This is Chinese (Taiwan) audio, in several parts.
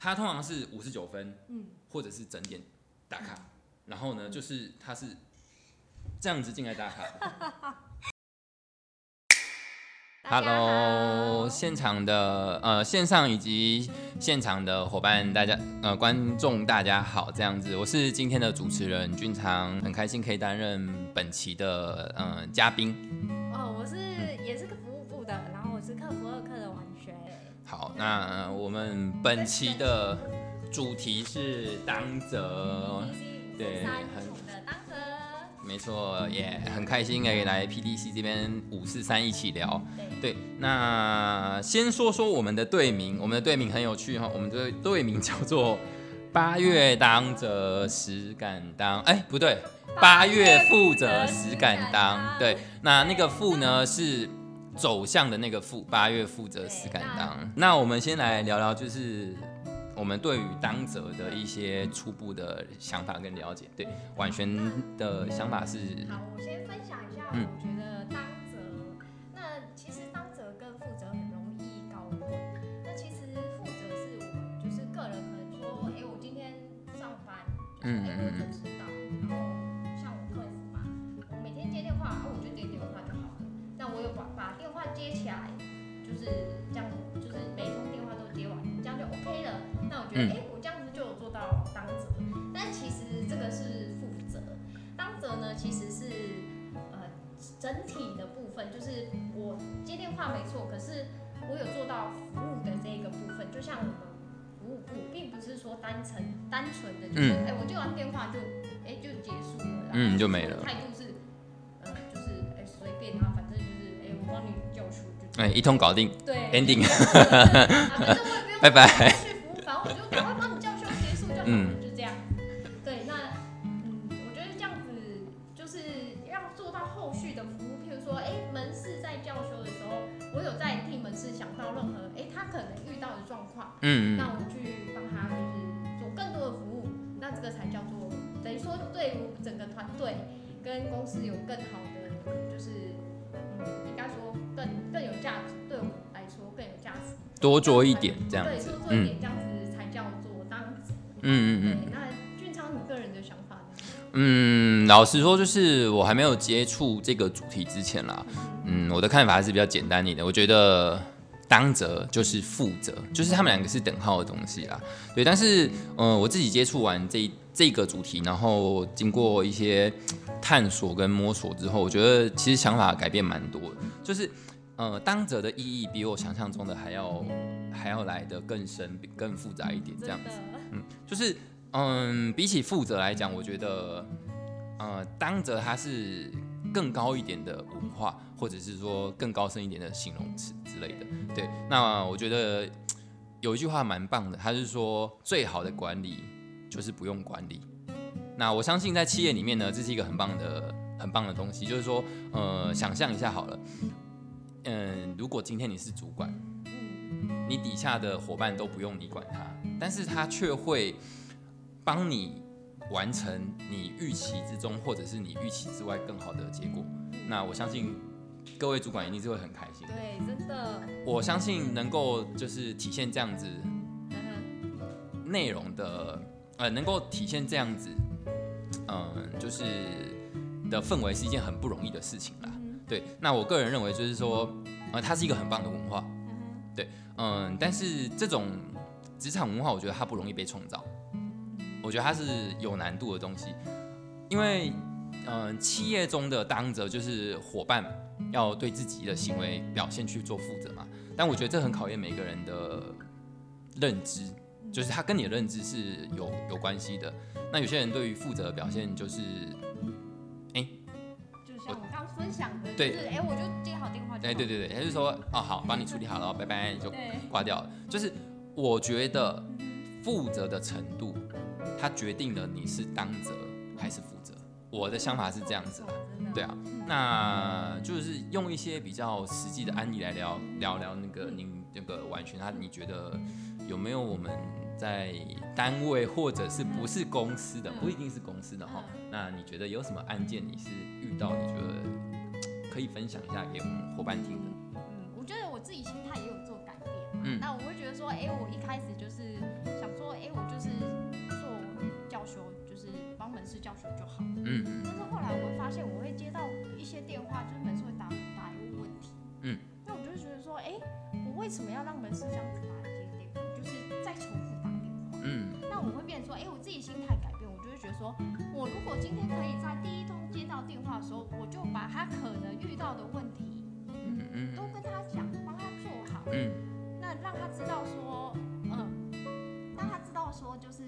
他通常是五十九分，嗯，或者是整點打卡，嗯、然後呢，就是他是這樣子進來打卡。Hello，現場的呃線上以及現場的夥伴大家呃觀眾大家好，這樣子，我是今天的主持人俊昌，很開心可以擔任本期的嗯、呃、嘉賓。哦，我是也是個。好，那我們本期的主題是當責，嗯、對，很，沒錯，也很開心可以來 PTC 這邊五四三一起聊，對，對，那先說說我們的隊名，我們的隊名很有趣哈、哦，我們的隊名叫做八月當責石敢當，哎、欸，不對，八月負責石敢當，對，那那個負呢是。走向的那個負，八月負責是感當，那，那我們先來聊聊，就是我們對於當責的一些初步的想法跟了解。對，宛璇的想法是，好，是好，我先分享一下。我覺得當責、嗯，那其實當責跟負責很容易搞混。那其實負責是我，就是個人可能說，哎、欸，我今天上班，嗯。整體的部分就是我接電話沒錯，可是我有做到服務的這個部分，就像我們服務部，並不是說單純單純的，就是哎、嗯欸，我接完電話就哎、欸、就結束了，嗯，就沒了。態度、就是，嗯、呃，就是哎、欸、隨便啊，反正就是哎、欸，我幫你叫出就哎、欸、一通搞定，對，ending， 啊、拜拜。 說對我們整個團隊跟公司有更好的，就是嗯，應該說更更有價值，對我們來說更有價值。多做一點這樣子，嗯，多做一點這樣子才叫做當責。嗯嗯嗯。那俊昌你個人的想法呢？嗯，老實說，就是我還沒有接觸這個主題之前啦，嗯，我的看法還是比較簡單一點。我覺得當責就是負責，就是他們兩個是等號的東西啦。對，但是嗯，我自己接觸完這一。這個主題，然後經過一些探索跟摸索之後，我覺得其實想法改變蠻多的，就是呃，當責的意義比我想象中的還要還要來得更深、更複雜一點，這樣子，的嗯，就是嗯，比起負責來講，我覺得呃，當責它是更高一點的文化，或者是說更高深一點的形容詞之類的，對，那我覺得有一句話蠻棒的，他是說最好的管理。就是不用管理，那我相信在企業裡面呢，這是一個很棒的、很棒的東西。就是說，呃，想象一下好了，嗯，如果今天你是主管，你底下的伙伴都不用你管他，但是他卻會幫你完成你預期之中或者是你預期之外更好的結果。那我相信各位主管一定是會很開心的。對，真的。我相信能夠就是體現這樣子內容的。呃，能夠體現這樣子，嗯、呃，就是的氛圍是一件很不容易的事情啦。對，那我個人認為就是說，呃，它是一個很棒的文化。對，嗯、呃，但是這種職場文化，我覺得它不容易被創造。我覺得它是有難度的東西，因為，嗯、呃，企業中的當責就是夥伴要對自己的行為表現去做負責嘛。但我覺得這很考驗每個人的認知。就是他跟你的認知是有有關係的。那有些人對於負責的表現就是，哎、欸，就像我剛分享的，就是，對，哎，欸，我就接好電話，哎、欸，對對對，他就說，哦，好，幫你處理好了， 拜拜，就掛掉了。就是我覺得負責的程度，他決定了你是當責還是負責。我的想法是這樣子，對啊，那就是用一些比較實際的案例來聊，聊聊那個您，嗯，那個完全，他你覺得有沒有我們？在單位或者是不是公司的，嗯、不一定是公司的哈。嗯、那你覺得有什麼案件你是遇到，你覺得可以分享一下給我們夥伴聽的？嗯，我覺得我自己心態也有做改變嘛。嗯。那我會覺得說，哎、欸，我一開始就是想說，哎、欸，我就是做教學，就是幫門市教學就好了。嗯嗯。但是後來我發現，我會接到一些電話，就是門市會打打一個問題。嗯。那我就會覺得說，哎、欸，我為什麼要讓門市這樣子？心態改變，我就會覺得說，我如果今天可以在第一通接到電話的時候，我就把他可能遇到的問題，嗯嗯，都跟他講，幫他做好，嗯，那讓他知道說，嗯、呃，讓他知道說就是，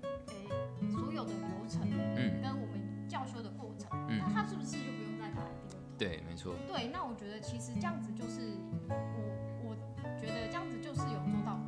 欸、所有的流程，嗯，跟我們教修的過程，嗯嗯、那他是不是就不用再打第二通？對，沒錯。對，那我覺得其實這樣子就是，我我覺得這樣子就是有做到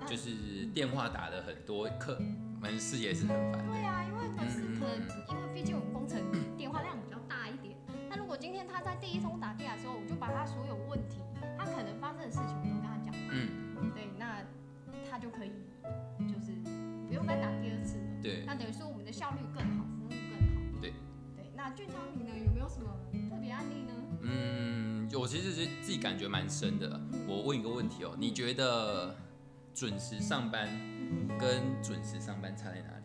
當，就是電話打了很多課。門市也是很煩。對呀、啊，因為門市可能因為畢竟我們工程電話量比較大一點。那 如果今天他在第一通打電話的時候，我就把他所有問題、他可能發生的事情，我都跟他講。嗯。對，那他就可以就是不用再打第二次了。對。那等於說我們的效率更好，服務更好。對。對。那俊昌，你呢，有沒有什麼特別案例呢？嗯，就我其實是自己感覺蠻深的。我問一個問題哦、喔，你覺得準時上班嗯跟準時上班差在哪裡？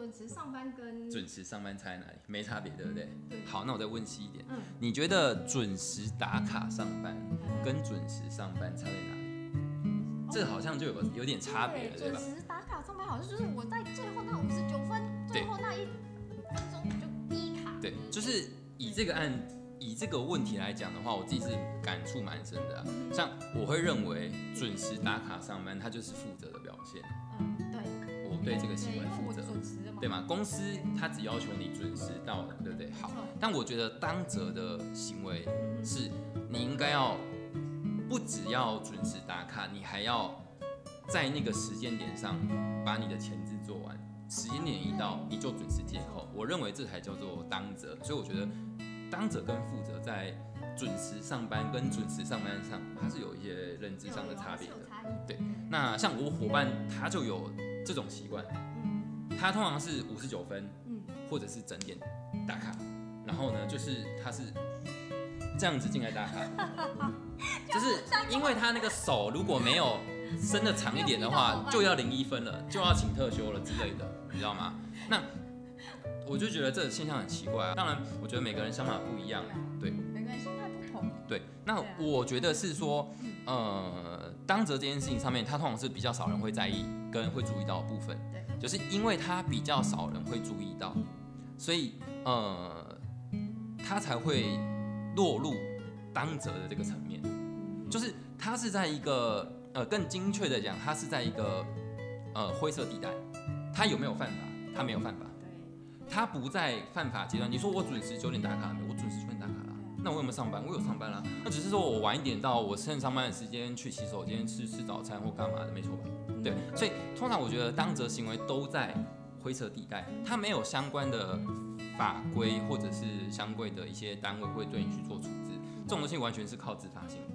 準時上班跟準時上班差在哪裡？沒差別，對不對？對。好，那我再問細一點。嗯。你覺得準時打卡上班跟準時上班差在哪裡？嗯、這好像就有有點差別了，嗯、對吧？準時打卡上班好像就是我在最後那五十九分，對最後那一分鐘就嗶卡。對，就是以這個案。以這個問題來講的話，我自己是感觸蠻深的、啊。像我會認為準時打卡上班，它就是負責的表現。嗯，對。我對這個行為負責。因為因為嗎？對嘛？公司它只要求你準時到，對不對？好。對但我覺得當責的行為是，你應該要不只要準時打卡，你還要在那個時間點上把你的前置做完。時間點一到，你就準時接後。我認為這才叫做當責。所以我覺得。當責跟負責在準時上班跟準時上班上，他是有一些認知上的差別的。對，那像我夥伴他就有這種習慣，他通常是五十九分，或者是整點打卡，然後呢，就是他是這樣子進來打卡，就是因為他那個手如果沒有伸得長一點的話，就要零一分了，就要請特休了之類的，你知道嗎？那。我就覺得這現象很奇怪啊！當然，我覺得每個人想法不一樣，對，每個人心態不同，對。那我覺得是說，呃，當責這件事情上面，他通常是比較少人會在意跟會注意到部分，對，就是因為他比較少人會注意到，所以呃，他才會落入當責的這個層面，就是他是在一個呃更精確的講，他是在一個呃灰色地帶，他有沒有犯法？他沒有犯法。他不在犯法階段。你說我準時九點打卡了沒？我準時出點打卡了。那我有沒有上班？我有上班啦。那只是說我晚一點到，我趁上班的時間去洗手間吃吃早餐或幹嘛的，沒錯吧？對。所以通常我覺得當責行為都在灰色地帶，他沒有相關的法規或者是相關的一些單位會對你去做處置，這種東西完全是靠自發性的。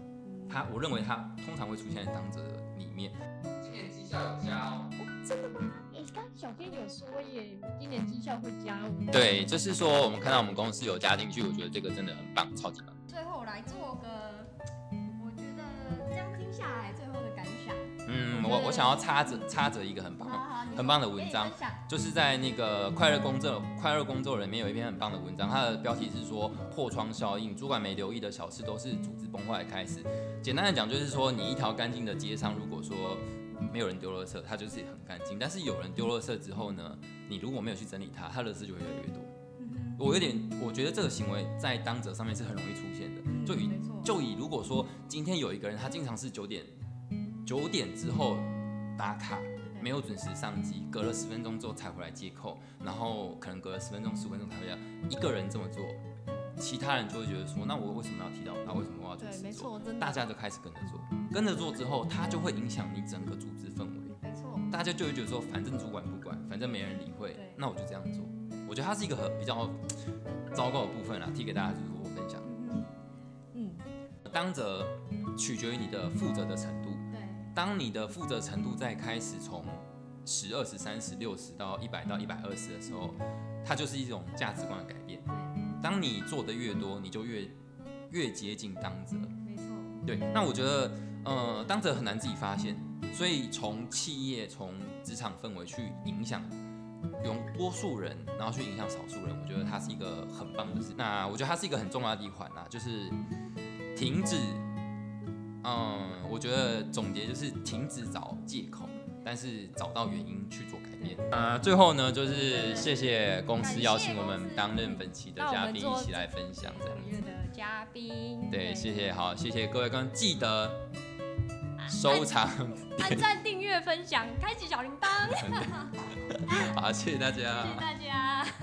他，我認為他通常會出現在當責裡面。今天 小有說也今年績效會加。對，嗯、就是說我們看到我們公司有加進去，嗯、我覺得這個真的很棒，超級棒。最後來做個，嗯、我覺得這樣聽下來最後的感想。嗯，我的我想要插着插着一個很棒好好很棒的文章，就是在那個《快樂工作快樂工作》裡面、嗯、有一篇很棒的文章，它的標題是說破窗效應，主管沒留意的小事都是組織崩壞的開始。簡單的講就是說，你一條乾淨的街上，如果說沒有人丟垃圾，他就是很乾淨。但是有人丟垃圾之後呢，你如果沒有去整理他，他的垃圾就會越來越多。我有點，我覺得這個行為在當者上面是很容易出現的。就以就以，如果說今天有一個人，他經常是九點九點之後打卡，沒有準時上機，隔了十分鐘之後才回來接扣，然後可能隔了十分鐘、十五分鐘才回來，一個人這麼做。其他人就會覺得說：“那我為什麼要提到他？那為什麼我要做？”沒錯，大家就開始跟着做，跟着做之後，它就會影響你整個組織氛圍。沒錯錯，大家就會覺得說：“反正主管不管，反正沒人理會，對那我就這樣做。嗯”我覺得它是一個很比較糟糕的部分啊，提給大家就是我分享。嗯，嗯，當責取決於你的負責的程度。對，當你的負責程度在開始從十、二十、三十、六十到一百到一百二十的時候，它就是一種價值觀的改變。當你做的越多，你就越越接近當責。沒錯。對，那我覺得，呃，當責很難自己發現，所以從企業、從職場氛圍去影響，用多數人，然後去影響少數人，我覺得它是一個很棒的事。那我覺得它是一個很重要的一環啦、啊，就是停止。嗯、呃，我覺得總結就是停止找借口，但是找到原因去做改變。呃，最後呢，就是謝謝公司邀請我們擔任本期的嘉賓，一起來分享這樣的嘉賓。對，謝謝，好，謝謝各位，更記得收藏、按讚、訂閱、分享、開啟小鈴鐺。 好，謝謝大家，謝謝大家。